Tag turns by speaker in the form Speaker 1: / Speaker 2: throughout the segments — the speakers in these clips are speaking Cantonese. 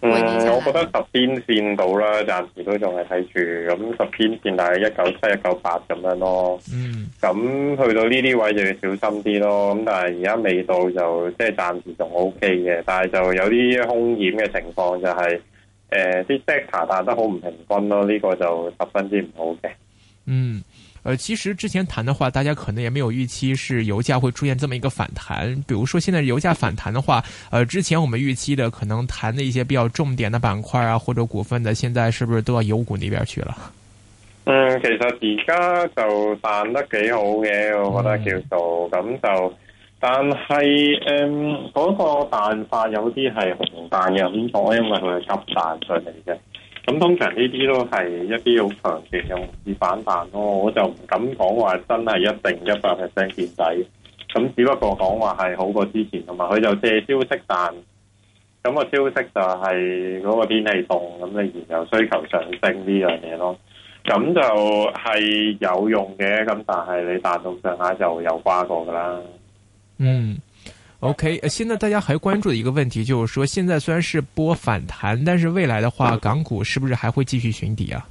Speaker 1: 嗯，我覺得十天線到啦，暫時都仲係睇住，咁十天線係一九七、一九八咁樣咯。嗯，咁去到呢啲位就要小心啲咯。咁但係而家未到就即係暫時仲 OK 嘅，但係就有啲兇險嘅情況就係、是，誒啲 data 打得好唔平均咯，呢、呢個就十分之唔好嘅。嗯。
Speaker 2: 呃，其實之前談的話，大家可能也沒有預期是油價會出現這麼一個反彈。比如說現在油價反彈的話，呃，之前我們預期的可能談的一些比較重點的板塊啊，或者股份的，現在是不是都到油股那邊去了？
Speaker 1: 嗯，其實而家就彈得幾好嘅，我覺得叫做咁就，但係嗯嗰個彈法有啲係紅彈嘅咁滯，因為佢係急彈出嚟嘅。咁通常呢啲都係一啲好強勁嘅容易反彈咯，我就唔敢講話真係一定一百 percent 見底，咁只不過講話係好過之前同埋佢就借消息彈，咁個消息就係嗰個天氣凍，咁你燃油需求上升呢樣嘢咯，咁就係有用嘅，咁但係你彈到上下就有瓜過噶啦，嗯。
Speaker 2: O.K.，呃，現在大家還關注的一個問題就是說，現在雖然是波反彈，但是未來的話，港股是不是還會繼續尋底啊？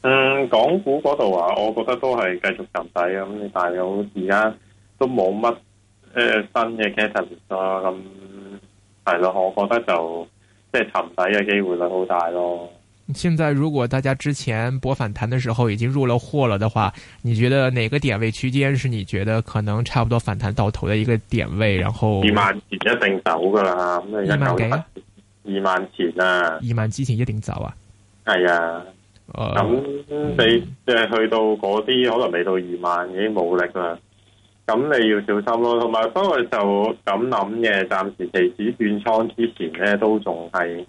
Speaker 2: 嗯，
Speaker 1: 港股嗰度啊，我覺得都係繼續尋底咁，但係我而家都冇乜誒新嘅 catalyst 啦，咁係咯，我覺得就即係尋底嘅機會率好大咯。
Speaker 2: 現在如果大家之前博反彈嘅時候已經入咗貨了的話，你覺得哪個點位區間是你覺得可能差不多反彈到頭的一個點位？然後二萬
Speaker 1: 前一定走噶啦，咁二萬幾，二萬前啊，二
Speaker 2: 萬之前一定走啊，
Speaker 1: 係啊，咁你即係去到嗰啲可能未到二萬已經冇力啦，咁你要小心咯。同埋不過就咁諗嘅，暫時期指轉倉之前呢都仲係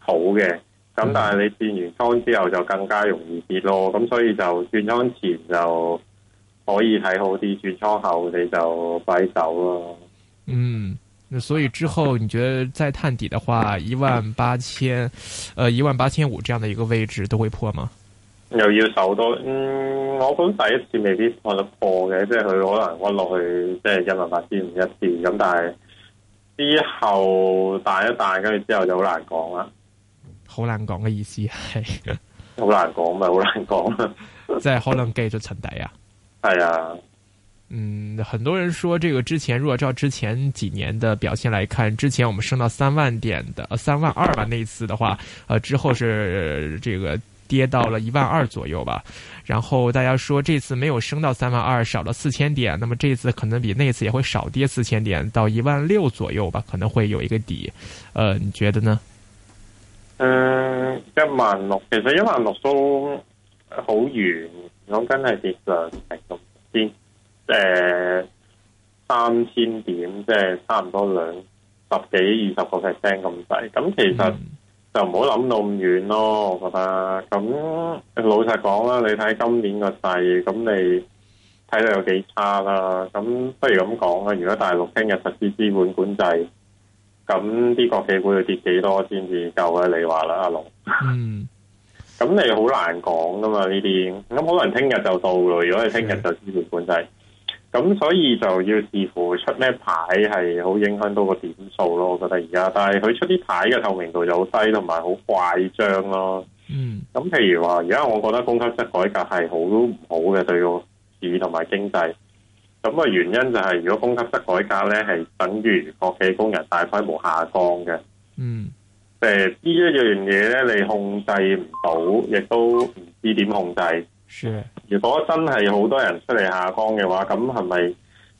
Speaker 1: 好嘅。咁、嗯嗯、但係你轉完倉之後就更加容易跌咯，咁所以就轉倉前就可以睇好啲，轉倉後你就快手咯。
Speaker 2: 嗯，所以之後你覺得再探底嘅話，一萬八千，呃一萬八千五這樣嘅一個位置都會破嗎？
Speaker 1: 又要守多，嗯，我估第一次未必破得破嘅，即係佢可能屈落去即係一萬八千五一次。咁，但係之後彈一彈，跟住之後就好難講啦。
Speaker 2: 好難講嘅意思係，
Speaker 1: 好難講咪好難講，
Speaker 2: 即係好能繼續存在。呀，係呀。嗯，很多人說，這個之前如果照之前幾年的表現來看，之前我們升到三萬點的，呃，三萬二吧，那一次的話，呃，之後是、呃、這個跌到了一萬二左右吧。然後大家說，這次沒有升到三萬二，少了四千點，那麼這次可能比那一次也會少跌四千點到一萬六左右吧，可能會有一個底。呃，你覺得呢？
Speaker 1: 誒，一萬六，其實一萬六都好遠，講緊係跌兩成咁先，誒三千點，即係差唔多兩十幾二十個 percent 咁滯，咁其實就唔好諗到咁遠咯，我覺得。咁老實講啦，你睇今年個勢，咁你睇到有幾差啦。咁不如咁講啊，如果大陸聽日實施資本管制。咁啲國企股要跌幾多先至夠啊？你話啦，阿龍。
Speaker 2: 嗯 。
Speaker 1: 咁你好難講噶嘛呢啲。咁可能聽日就到咯。如果你聽日就資本管制，咁 Yeah. 所以就要視乎出咩牌係好影響到個點數咯。我覺得而家，但係佢出啲牌嘅透明度就好低，同埋好怪張咯。嗯。咁譬如話，而家我覺得供給側改革係好都唔好嘅對個市同埋經濟。咁嘅原因就係、是，如果供給側改革咧，係等於國企工人大規模下崗嘅。嗯、mm. 呃，即係呢一樣嘢咧，你控制唔到，亦都唔知點控制。Sure. 如果真係好多人出嚟下崗嘅話，咁係咪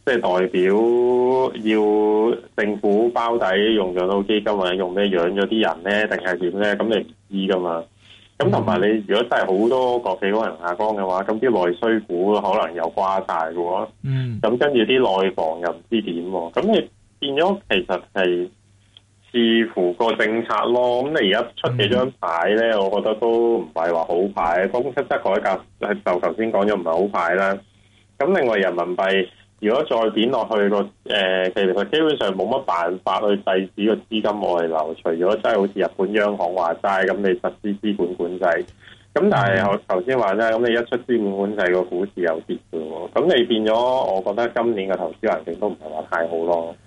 Speaker 1: 即係代表要政府包底用養老基金，或者用咩養咗啲人咧，定係點咧？咁你唔知噶嘛？咁同埋你，如果真係好多國企人下降嘅話，咁啲內需股可能又瓜曬嘅喎。嗯。咁跟住啲內房又唔知點喎。咁你變咗其實係視乎個政策咯。咁你而家出幾張牌咧，我覺得都唔係話好牌。供給側改革就頭先講咗唔係好牌啦。咁另外人民幣。如果再跌落去個誒、呃，其實佢基本上冇乜辦法去制止個資金外流，除咗真係好似日本央行話齋咁，你實施資本管制。咁但係我頭先話齋，咁你一出資本管制，個股市又跌㗎喎。咁你變咗，我覺得今年嘅投資環境都唔係話太好咯。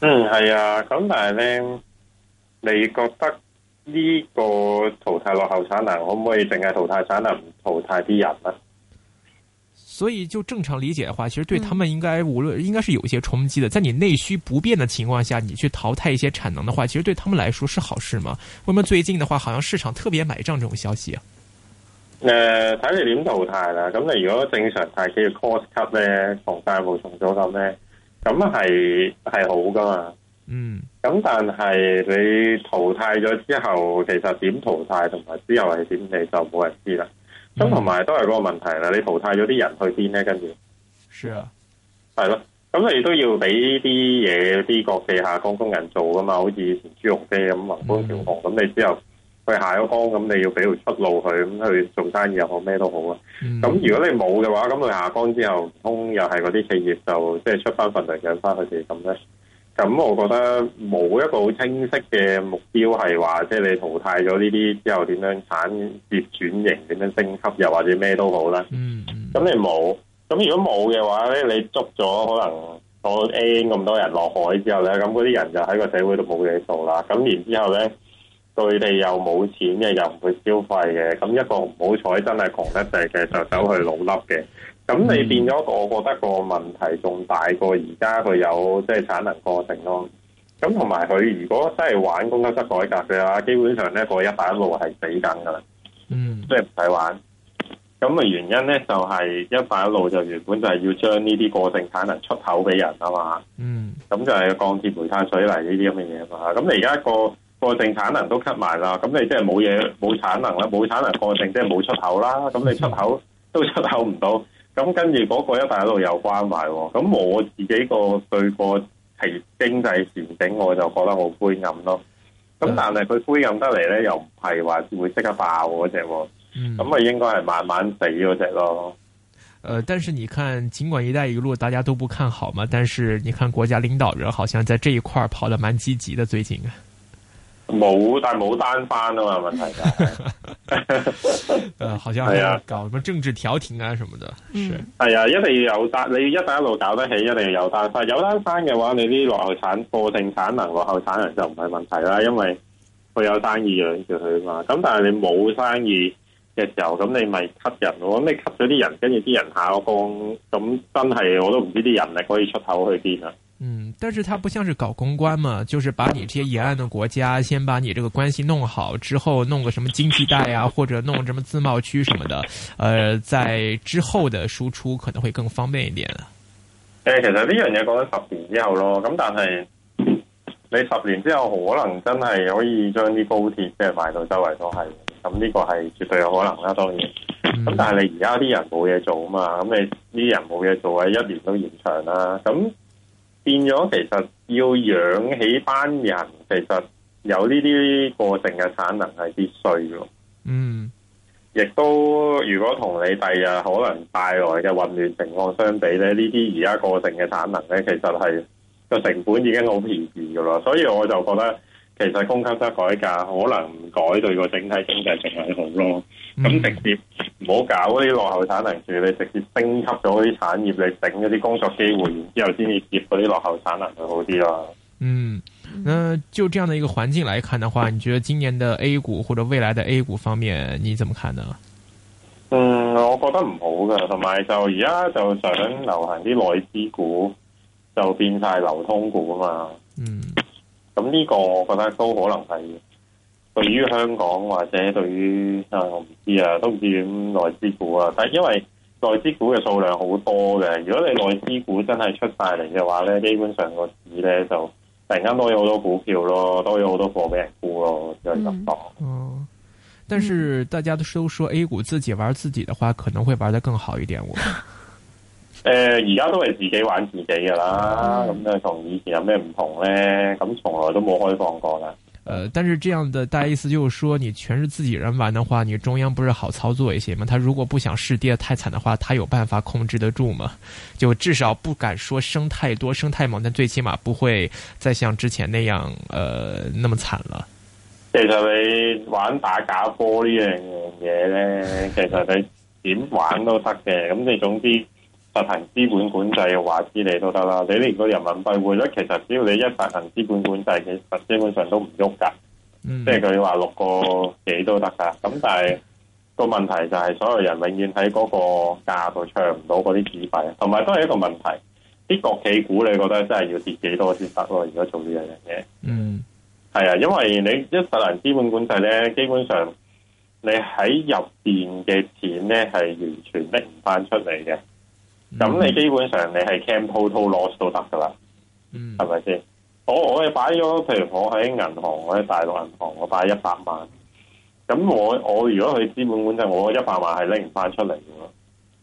Speaker 1: 嗯，係啊，咁但係咧，你覺得呢個淘汰落後產能可唔可以淨係淘汰產能，唔淘汰啲人咧？
Speaker 2: 所以就正常理解嘅話，其實對他們應該無論應該是有一些衝擊嘅。在你內需不變嘅情況下，你去淘汰一些產能嘅話，其實對他們來說是好事嘛？為乜最近嘅話，好像市場特別買賬這種消息，啊？誒、
Speaker 1: 呃，睇你點淘汰啦？咁你如果正常大企嘅 cost cut 咧，同債務重組咁咧？咁係係好噶嘛，嗯，咁但係你淘汰咗之後，其實點淘汰同埋之後係點，你就冇人知啦。咁同埋都係嗰個問題啦，你淘汰咗啲人去邊咧？跟住，
Speaker 2: 是啊，
Speaker 1: 係咯，咁你都要俾啲嘢啲國企下崗工人做噶嘛，好似以前朱鎔基咁宏觀調控，咁、嗯、你之後。佢下咗崗，咁你要俾條出路佢，咁去做生意又好咩都好啊。咁、mm hmm. 如果你冇嘅話，咁佢下崗之後唔通又係嗰啲企業就即係出翻份糧養翻佢哋咁咧。咁我覺得冇一個好清晰嘅目標係話，即係你淘汰咗呢啲之後點樣產業轉型、點樣升級又或者咩都好咧。咁、mm hmm. 你冇，咁如果冇嘅話咧，你捉咗可能攞 A 咁多人落海之後咧，咁嗰啲人就喺個社會度冇嘢做啦。咁然之後咧。佢哋又冇錢嘅，又唔會消費嘅，咁一個唔好彩，真係窮得滯嘅，就走去老笠嘅。咁你變咗個，嗯、我覺得個問題仲大過而家佢有即係、就是、產能過剩咯。咁同埋佢如果真係玩供給側改革嘅話，基本上呢、那個一帶一路係死緊噶啦，嗯，即係唔使玩。咁、那、嘅、個、原因呢？就係、是、一帶一路就原本就係要將呢啲過剩產能出口俾人啊嘛，嗯，咁就係鋼鐵、煤炭、水泥呢啲咁嘅嘢嘛。咁你而家個過剩產能都吸埋啦，咁你即係冇嘢冇產能啦，冇產能過剩即係冇出口啦，咁你出口都出口唔到，咁跟住嗰個一帶一路又關埋，咁我自己個對個係經濟前景我就覺得好灰暗咯。咁但係佢灰暗得嚟咧，又唔係話會即刻爆嗰隻，咁咪應該係慢慢死嗰隻咯。誒、嗯
Speaker 2: 呃，但是你看，盡管一帶一路大家都不看好嘛，但是你看國家領導人好像在這一塊跑得蠻積極的最近。
Speaker 1: 冇，但係冇單翻啊嘛，問題噶。誒，好似係啊，搞什麼政治調停啊，什麼的。係啊是，一定要有單，你一帶一路搞得起，一定要有單翻。但有單翻嘅話，你啲落後產能、過剩產能、落後產能就唔係問題啦，因為佢有生意養住佢啊嘛。咁但係你冇生意嘅時候，咁你咪 cut 人咯。咁你 cut 咗啲人，跟住啲人下崗，咁真係我都唔知啲人力可以出口去邊啊。
Speaker 2: 但是它不像是搞公關嘛，就是把你這些沿岸的國家先把你這個關係弄好，之後弄個什麼經濟帶啊，或者弄什麼自貿區什麼的，呃，在之後的輸出可能會更方便一點誒、
Speaker 1: 呃，其實呢樣嘢講咗十年之後咯，咁但係你十年之後可能真係可以將啲高鐵即係賣到周圍都係，咁、這、呢個係絕對有可能啦、啊，當然。咁但係你而家啲人冇嘢做啊嘛，咁你啲人冇嘢做啊，一年都延長啦，咁。變咗，其實要養起班人，其實有呢啲過剩嘅產能係必須㗎。嗯，亦都如果同你第日可能帶來嘅混亂情況相比咧，呢啲而家過剩嘅產能咧，其實係個成本已經好便宜噶啦，所以我就覺得。其實供給側改革可能唔改對個整體經濟仲係好咯，咁、嗯、直接唔好搞嗰啲落後產能住，你直接升級咗啲產業，你整一啲工作機會，然之後先至接嗰啲落後產能咪好啲
Speaker 2: 咯。嗯，那就這樣的一個環境來看的話，你覺得今年的 A 股或者未來的 A 股方面，你怎麼看呢？嗯，
Speaker 1: 我覺得唔好噶，同埋就而家就想流行啲內資股，就變晒流通股啊嘛。嗯。咁呢個我覺得都可能係對於香港或者對於啊，我唔知啊，都唔知點內資股啊，股但係因為內資股嘅數量好多嘅。如果你內資股真係出晒嚟嘅話咧，基本上個市咧就突然間多咗好多股票咯，都有多咗好多貨畀人沽咯，即係咁多。嗯，
Speaker 2: 但是大家都都說 A 股自己玩自己的話，可能會玩得更好一點。我。
Speaker 1: 誒，而家、呃、都係自己玩自己噶啦，咁啊，同以前有咩唔同咧？咁從來都冇開放過啦。誒、
Speaker 2: 呃，但是這樣的大意思就是說，你全是自己人玩嘅話，你中央不是好操作一些嗎？他如果不想市跌得太慘嘅話，他有辦法控制得住嗎？就至少不敢說升太多，升太猛，但最起碼不會再像之前那樣，誒、呃，那麼慘了。
Speaker 1: 其實你玩打假波呢樣嘢咧，其實你點玩都得嘅，咁你總之。實行資本管制嘅話，之你都得啦。你連個人民幣匯率率，其實只要你一實行資本管制，其實基本上都唔喐噶，即係佢話六個幾都得噶。咁但係個問題就係，所有人永遠喺嗰個價度唱唔到嗰啲紙幣，同埋都係一個問題。啲國企股，你覺得真係要跌幾多先得咯？而家做呢樣嘢，嗯，係啊，因為你一實行資本管制咧，基本上你喺入邊嘅錢咧係完全拎唔翻出嚟嘅。咁、mm hmm. 你基本上你係 can total loss 都得噶啦，係咪先？我我係擺咗，譬如我喺銀行，我喺大陸銀行，我擺一百萬。咁我我如果去資本管制，我一百萬係拎唔翻出嚟㗎喇。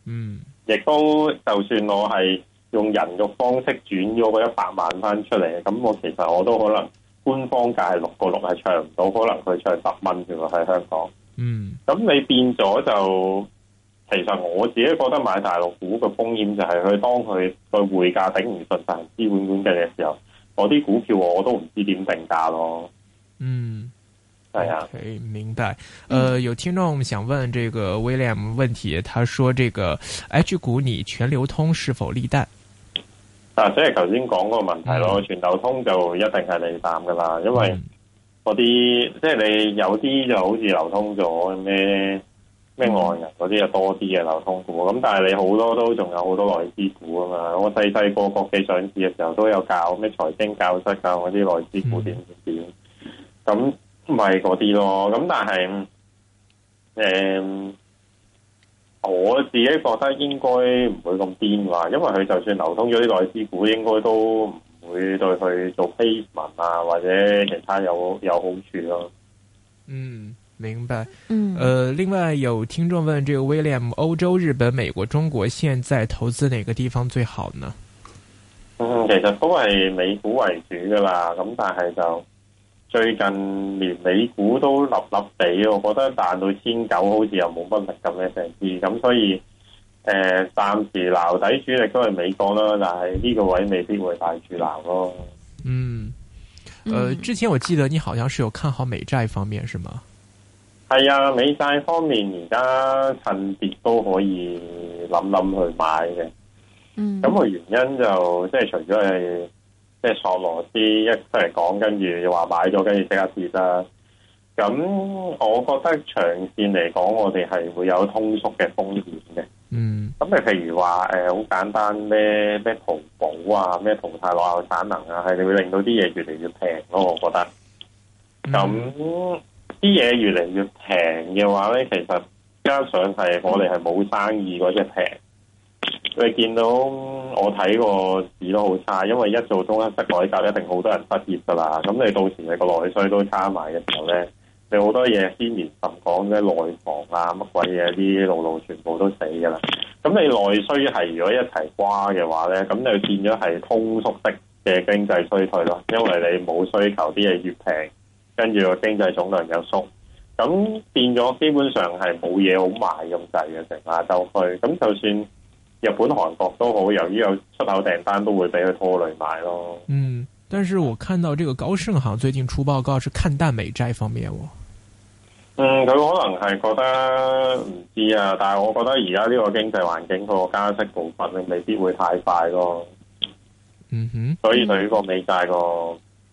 Speaker 1: 嗯、mm，亦、hmm. 都就算我係用人肉方式轉咗個一百萬翻出嚟，咁我其實我都可能官方價係六個六係唱唔到，可能佢唱十蚊嘅喎喺香港。嗯、mm，咁、hmm. 你變咗就。其實我自己覺得買大陸股嘅風險就係佢當佢個匯價頂唔順，但係資本管制嘅時候，嗰啲股票我都唔知點定價咯。嗯，係啊，誒，okay, 明
Speaker 2: 白。誒、呃，嗯、有聽眾想問這個 William 問題，佢話：這個 H 股你全流通是否利淡
Speaker 1: 啊，即係頭先講嗰個問題咯，嗯、全流通就一定係利淡噶啦，因為嗰啲、嗯、即係你有啲就好似流通咗咩？咩外、嗯、人嗰啲又多啲嘅流通股，咁但係你好多都仲有好多內資股啊嘛！我細細個國企上市嘅時候都有教咩財經教室教嗰啲內資股點點點，咁咪嗰啲咯。咁但係誒、嗯，我自己覺得應該唔會咁癲啩，因為佢就算流通咗啲內資股，應該都唔會對佢做 payment 啊，或者其他有有好處咯、啊。嗯。
Speaker 2: 明白，嗯，呃，另外有聽眾問，這個 William，歐洲、日本、美國、中國，現在投資哪個地方最好呢？嗯，
Speaker 1: 其實都係美股為主噶啦，咁、嗯、但係就最近連美股都立立地，我覺得彈到千九，好似又冇乜力咁嘅成字，咁所以誒暫時留底主力都係美國啦，但係呢個位未必會大轉樓咯。嗯，
Speaker 2: 呃，之前我記得你好像是有看好美債方面，是嗎？
Speaker 1: 係啊，美債方面而家趁跌都可以諗諗去買嘅。嗯、mm，咁、hmm. 個原因就即係除咗係即係索羅斯一出嚟講，跟住又話買咗，跟住即刻跌啦。咁我覺得長線嚟講，我哋係會有通縮嘅風險嘅。嗯、mm，
Speaker 2: 咁、
Speaker 1: hmm. 你譬如話誒，好簡單咩咩淘寶啊，咩淘汰落後產能啊，係你會令到啲嘢越嚟越平咯、啊。我覺得咁。Mm hmm. .啲嘢越嚟越平嘅話咧，其實加上係我哋係冇生意嗰隻平，你見到我睇個市都好差，因為一做中一失改革一定好多人失業噶啦，咁你到時你個內需都差埋嘅時候咧，你好多嘢天然神講嘅內房啊乜鬼嘢啲路路全部都死噶啦，咁你內需係如果一齊瓜嘅話咧，咁就變咗係通縮式嘅經濟衰退咯，因為你冇需求，啲嘢越平。跟住個經濟總量又縮，咁變咗基本上係冇嘢好賣咁滯嘅，成亞洲區。咁就算日本、韓國都好，由於有出口訂單，都會俾佢拖累埋咯。嗯，
Speaker 2: 但是我看到這個高盛行最近出報告，是看淡美債方面喎。
Speaker 1: 嗯，佢、嗯、可能係覺得唔知啊，但係我覺得而家呢個經濟環境個加息步伐，未必會太快咯。嗯哼，所以對於個美債個。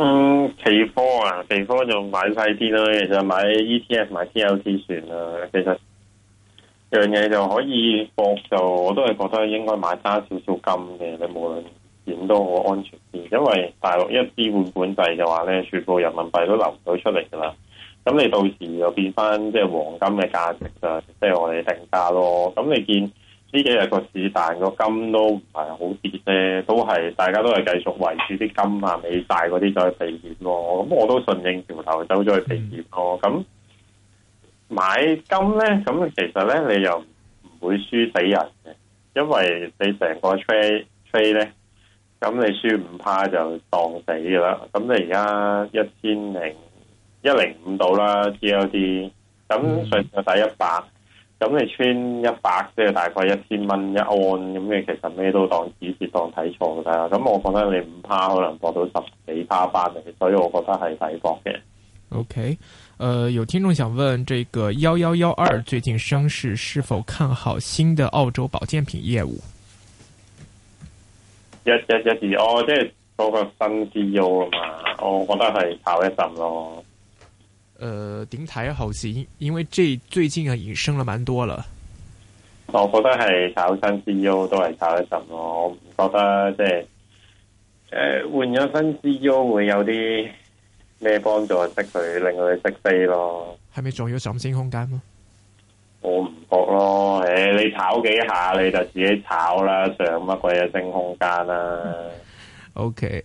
Speaker 1: 嗯，期貨啊，期貨就買細啲啦。其實就買 E T F 買 T L T 算啦。其實樣嘢就可以博，就我都係覺得應該買加少少金嘅。你無論點都好，安全啲，因為大陸一搬本幣嘅話咧，全部人民幣都流唔到出嚟噶啦。咁你到時又變翻即係黃金嘅價值啊，即係我哋定價咯。咁你見。呢幾日個市，但個金都唔係好跌啫，都係大家都係繼續維持啲金啊、美債嗰啲再去避險咯。咁我都順應潮流走咗去避險咯。咁買金咧，咁其實咧你又唔會輸死人嘅，因為你成個 trade trade 咧，咁你輸唔怕就當死噶啦。咁你而家一千零一零五度啦，TLD，咁上就打一百。咁你穿一百，即係大概 1, 一千蚊一安，咁你其實咩都當只是當睇錯噶啦。咁我覺得你唔怕可能博到十幾趴翻嚟，所以我覺得係抵搏嘅。
Speaker 2: OK，誒、呃，有聽眾想問，這個幺幺幺二最近升勢是否看好新的澳洲保健品業務？
Speaker 1: 一、一、一時，哦，即係嗰個新 CEO 啊嘛，oh, 我覺得係炒一陣咯。
Speaker 2: 誒，點睇、呃、後市，因為這最近啊，已經升咗蠻多了。
Speaker 1: 我覺得係炒新 CEO 都係炒一陣咯，唔覺得即係誒換咗新 CEO 會有啲咩幫助，識佢令到佢識飛咯。
Speaker 2: 係咪仲有上升空間咯？
Speaker 1: 我唔覺咯，誒，你炒幾下你就自己炒啦，上乜鬼嘢、啊、升空間啦、啊。O K。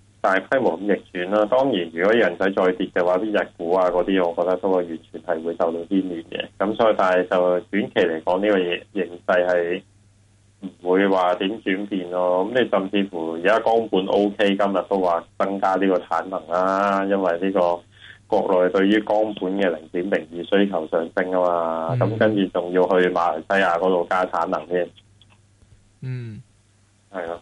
Speaker 1: 大規模咁逆轉啦、啊，當然如果人仔再跌嘅話，啲日股啊嗰啲，我覺得都係完全係會受到啲影響嘅。咁所以但係就短期嚟講，呢、呢個形勢係唔會話點轉變咯、啊。咁你甚至乎而家鋼本 O、OK, K，今日都話增加呢個產能啦、啊，因為呢個國內對於鋼本嘅零點零二需求上升啊嘛。咁跟住仲要去馬來西亞嗰度加產能添、啊。嗯，係咯、啊。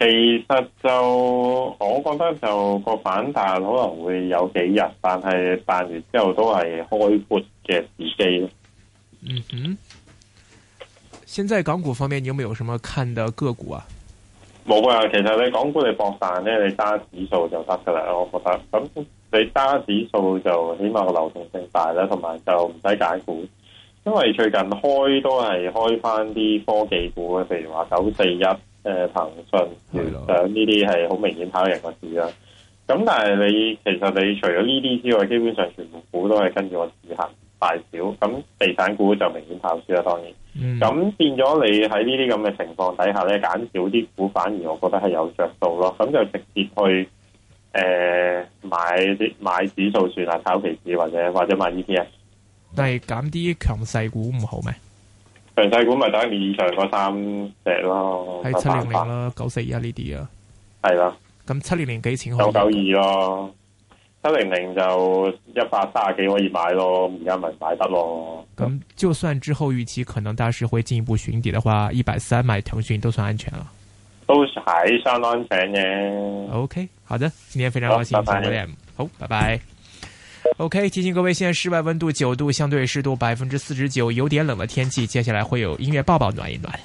Speaker 1: 其實就我覺得就個反彈可能會有幾日，但係彈完之後都係開闊嘅時機咯。嗯嗯，
Speaker 2: 現在港股方面，你有冇有什麼看的個股啊？
Speaker 1: 冇啊，其實你港股你博彈呢，你揸指數就得噶啦。我覺得咁你揸指數就起碼個流動性大啦，同埋就唔使解股，因為最近開都係開翻啲科技股，譬如話九四一。誒，騰訊、呃，咁呢啲係好明顯跑贏個市啦。咁但係你其實你除咗呢啲之外，基本上全部股都係跟住個市行大少，咁地產股就明顯跑輸啦，當然。咁、嗯、變咗你喺呢啲咁嘅情況底下咧，減少啲股，反而我覺得係有着數咯。咁就直接去誒、呃、買啲買指數算啦，炒期指或者或者買 ETF 但。
Speaker 2: 但係減啲強勢股唔好咩？
Speaker 1: 長勢股咪打面上嗰三隻咯，喺的七零零
Speaker 2: 啦、九四一呢啲啊，
Speaker 1: 係啦。
Speaker 2: 咁七零零幾錢可以？九九
Speaker 1: 二咯，七零零就一百三十幾可以買咯。而家咪買得咯。咁
Speaker 2: 就算之後預期可能大市會進一步尋底嘅話，一百三買騰訊都算安全啦。
Speaker 1: 都係相當正嘅。OK，好的，今天非常高興拜拜好，拜拜。wear
Speaker 2: OK，提醒各位，現在室外溫度九度，相對濕度百分之四十九，有點冷的天氣，接下來會有音樂抱抱暖一暖。